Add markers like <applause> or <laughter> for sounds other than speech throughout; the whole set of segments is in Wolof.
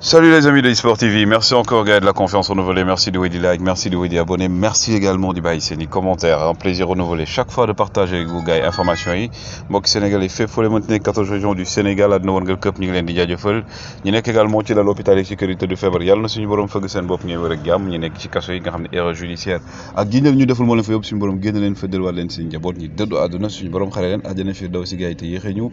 Salut les amis de eSport TV, merci encore Gaël de la confiance renouvelée, merci de Weddy Like, merci de Weddy Abonné, merci également du bail, c'est commentaire. commentaires, un plaisir renouvelé chaque fois de partager avec vous Gaël information yi mbokk Sénégal yi fait fu les maintenir nekk 14 régions du Sénégal de woon ngal këpp ñu ngi leen di jaajëfal ñu nekk également ci l'hôpital hôpital yi sécurité du feebar yàlla na suñu borom fëgg seen bopp ngeen wér ak jàmm ñu nekk ci kaso yi nga xam ne erreur judiciaire ak ji ñu deful moo leen fa yóbbu suñu borom génn leen fa delluwaat leen seen njaboot ñi dëddu àdduna suñu borom xare leen àjjana fi daw si Gaël te yéexee ñu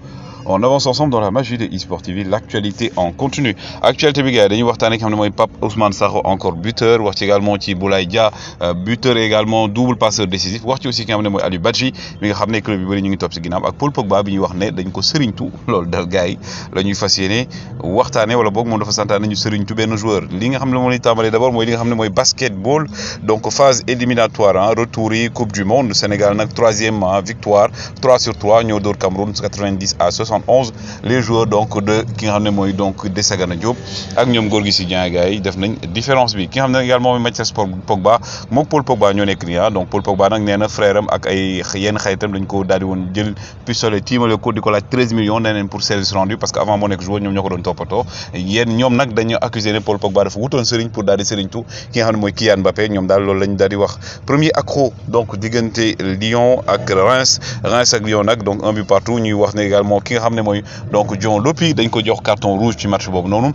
on avance ensemble dans la magie de eSport TV l'actualité en continu Actuel penalty bi gars dañuy waxtane ki xam ne Pape Ousmane Sakho encore buteur wax ci également ci Boulaye Dia euh, buteur également double passeur décisif wax ci aussi ki nga xam ne mooy Aliou Badji mi nga xam club bi bari ñu ngi top ci ginnaaw ak Paul Pogba bi ñuy wax ne dañ ko sëriñtu <laughs> loolu dal gars yi la ñuy fas yéene waxtaanee wala boog moom dafa santaane ñu sëriñtu benn joueur li nga xam ne moom la d'abord moy li nga xam moy basketball donc phase éliminatoire hein, retour yi coupe du monde Sénégal nak 3 troisième hein, victoire 3 sur 3 ñoo dóor Cameroun 90 à 71 les joueurs donc de ki nga xam ne mooy donc Desagana Diop ak ñoom góor gi si Dieng def nañ différence bi ki nga xam ne également mooy Mathias Pogba moom Paul Pogba ñoo nekk nii ah donc Paul Pogba nag nee na frère am ak ay yenn xaritam dañ ko daal di woon jël pistolet tiimale ko di ko laaj 13 millions nee nañ pour service rendu parce que avant moo nekk joueur ñoom ñoo ko doon toppatoo yéen ñoom nag dañu accusé ne Paul Pogba dafa wutoon sëriñ pour daal di sëriñtu ki nga xam ne mooy Kylian Mbappé ñoom daal loolu lañ daal di wax premier accro donc diggante Lyon ak Reims Reims ak Lyon nag donc un but partout ñuy wax ne également ki nga xam ne mooy donc Dion Lopy dañ ko jox carton rouge ci match boobu noonu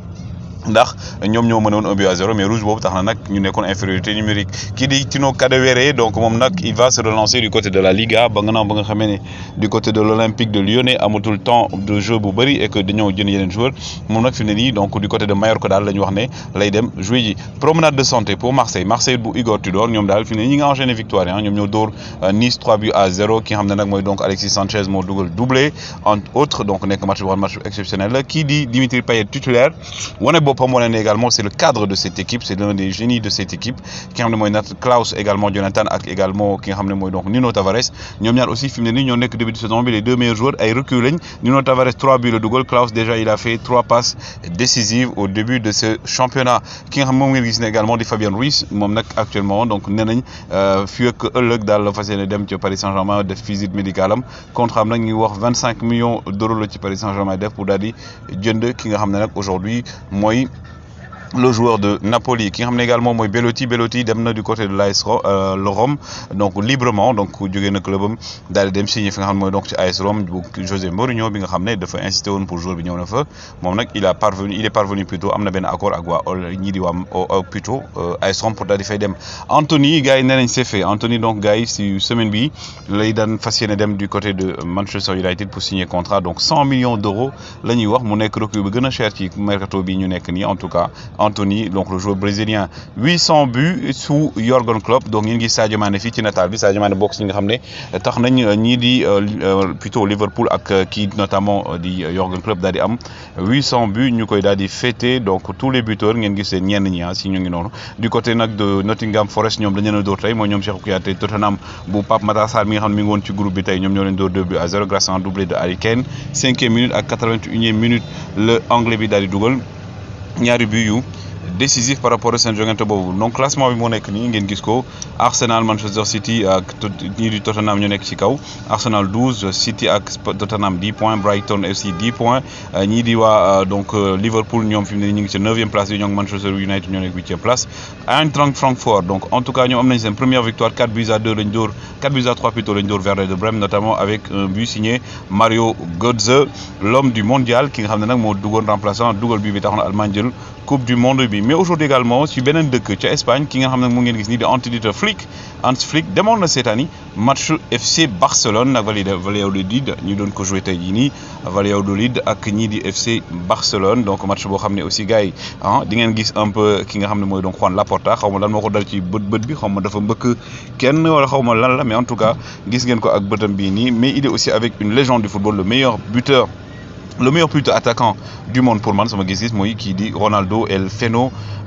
ndax ñoom ñoo mënoon un but à zéro mais rouge boobu tax na nag ñu nekkoon infériorité numérique kii di Tino Kadewere donc moom nag il va se relancer du côté de la Liga ba nga naan ba nga xamee ne du côté de l' Olympique de Lyonnais amatul temps de jeu bu bëri et que dañoo jënd yeneen joueur moom nag fi ne nii donc du côté de Mallorca daal la wax ne lay dem jouer ji promenade de santé pour Marseille Marseille bu Igor Tudor ñoom daal fi ne ñi nga enchaîné victoire yi hein. ñoom ñoo dóor euh, Nice 3 buts à 0 ki nga xam ne nag mooy donc Alexis Sanchez moo dugal doublé entre autres donc nekk match bu match exceptionnel kii di Dimitri Payet titulaire wane Thibaut également, c'est le cadre de cette équipe, c'est l'un des génies de cette équipe. Qui Klaus également, Jonathan et également qui a donc Nuno Tavares Nous ñaar aussi fi mu ñoo début de saison bi les deux meilleurs joueurs ay Nuno Tavares 3 buts de goal Klaus déjà il a fait 3 passes décisives au début de ce championnat qui a également Fabien Ruiz qui est actuellement donc nee nañ le euh, ak luck daal la de Paris Saint-Germain de physique médicale contre contrat am 25 millions d'euros de ci Paris Saint-Germain pour Dali di jënd ki nga aujourd'hui mooy point le joueur de Napoli ki nga également moi Belotti Belotti dem na du côté de l'AS euh, Rome donc librement donc jógee na club d'aller di dem signer fi nga donc ci AS Rome José Mourinho bi nga de ne dafa pour joueur bi ñëw na fa moom il a parvenu il est parvenu plutôt amener na benn accord ak quoi ni di euh, plutôt euh, AS Rome pour daal di fay dem Anthony gars yi nee fait Anthony donc gars yi si semaine bi lay daan fas yéene dem du côté de Manchester United pour signer contrat donc 100 millions d'euros l'année voir wax mu nekk bien cher qui mercato bi ñu nekk en tout cas Anthony donc le joueur brésilien 800 buts sous Jurgen Klopp donc il ngi Sadio Mané fii ci nataal bi Sadio Mané boxing si ñi nga xam ne tax nañ euh, di euh, euh, plutôt Liverpool ak notamment di Jurgen Klopp daal di am 800 buts nous koy daal di fêter donc tous les buteurs ngeen gisee ñenn ñi ah si ñu ngi noonu du côté de Nottingham Forest nous dañu leen a dóor tey mooy ñoom Kouyaté Tottenham bu Pape Matar Sarr mi nga xam mi ngi ci groupe bi tey ñoom ñoo leen 2 buts à 0 grâce à un doublé de Harry Kane e minute ak 81e minute le anglais bi daal di Nyari Buyu décisif par rapport à saint jean tobo donc classement bi moo nekk ngeen gis ko Arsenal Manchester City ak Tottenham ñu nek ci kaw Arsenal 12 City ak Tottenham 10 points Brighton FC 10 points euh, di euh, donc euh, Liverpool ñom fi mu ngi ci place Manchester United ñoo 8 e place Eintracht Francfort donc en tout cas ñom am nañ seen première victoire 4 buts à 2 lañ 4 buts à 3 plutôt lañ vers Werder de Brême notamment avec un but signé Mario Götze l'homme du mondial qui nga xam nak remplaçant duggal bi bi Allemagne coupe du monde bi mais aujourd'hui également ci benen deuk ci Espagne ki nga xam mo mu ngeen gis ni di Antidote Flick ans Flick demoon na match FC Barcelone ak Valladolid ñu doon ko joué ni jii nii Valladolid ak ñii di FC Barcelone donc match bo xam aussi gars yi ah, di ngeen gis un peu ki nga xam moy donc Juan Laporta xawma ma lan moo dal ci beut beut bi xawma dafa mbëkk kenn wala xawma lan la mais en tout cas gis ngeen ko ak beutam bi ni mais il est aussi avec une légende du football le meilleur buteur le meilleur plutôt attaquant du monde pour le sama c'est gis qui dit di Ronaldo el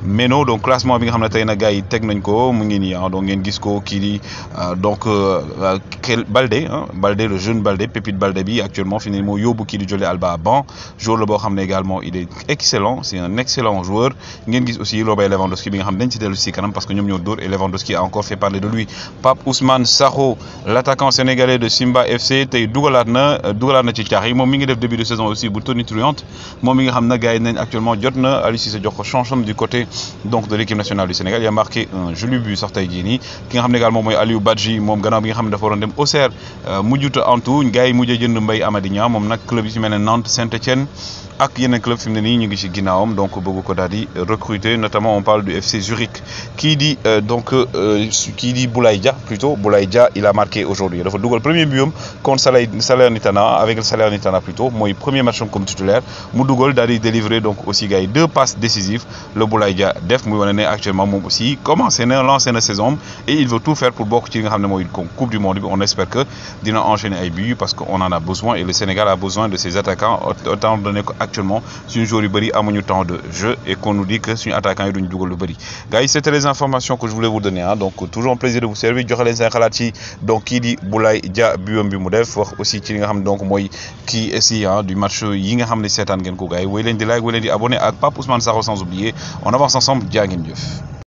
Meno donc classement bi nga xam ne tey gars nañ ko mu ngi nii ah, donc ngeen gis ko di euh, donc Balde euh, euh, Balde hein, Baldé le jeune Baldé pépite Baldé bi actuellement finalement mu ne moo yóbbu di Jordi Alba bon joueur la boo xam également il est excellent c'est un excellent joueur ngeen gis aussi Robert Lewandowski bi nga xam ne dañ si dellu si kanam parce que ñoom ñoo d'or et Lewandowski a encore fait parler de lui Pape Ousmane Sakho l'attaquant sénégalais de Simba FC tey dugalaat na dugalaat na ci caax yi def début de saison aussi aussi bu tonitruante moom nga actuellement Jotna, na Aliou Cissé jox ko du côté donc de l'équipe nationale du Sénégal il a marqué un joli but sax tey jii nii ki également Aliou Badji mon Gana bi nga xam ne dafa waroon dem Auxerre euh, mujjut a antu gars yi mujj a jënd Mbaye club yi Nantes Saint-Etienne ak yeneen club fi mu ñu ngi donc beaucoup ko daal notamment on parle du FC Zurich kii di euh, donc qui euh, di Boulaye plutôt Boulaye il a marqué aujourd'hui dafa le premier but contre Salernitana avec Salernitana plutôt Moi premier match comme titulaire Moudou Gol a délivré délivrer donc aussi deux passes décisives le Boulaye Dia def muy né actuellement aussi commence na lancé saison et il veut tout faire pour bok ci nga coupe du monde on espère que dina enchaîner à buts parce qu'on en a besoin et le Sénégal a besoin de ses attaquants autant donné qu'actuellement actuellement une une yu à mon temps de jeu et qu'on nous dit que c'est un attaquant de dugal lu Bari gars c'était les informations que je voulais vous donner hein. donc toujours un plaisir de vous servir durant les donc qui dit Boulaye Dia aussi ci hein, du match je yi nga xam vous ngeen ko gars sans oublier on avance ensemble